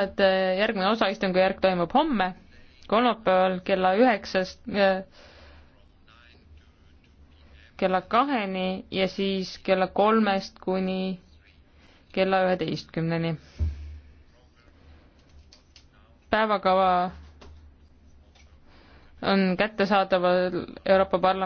et äh, järgmine osaistungi järg toimub homme, kolmapäeval kella üheksast äh, kella kaheni ja siis kella kolmest kuni kella üheteistkümneni. päevakava on kättesaadaval Euroopa Parlamendi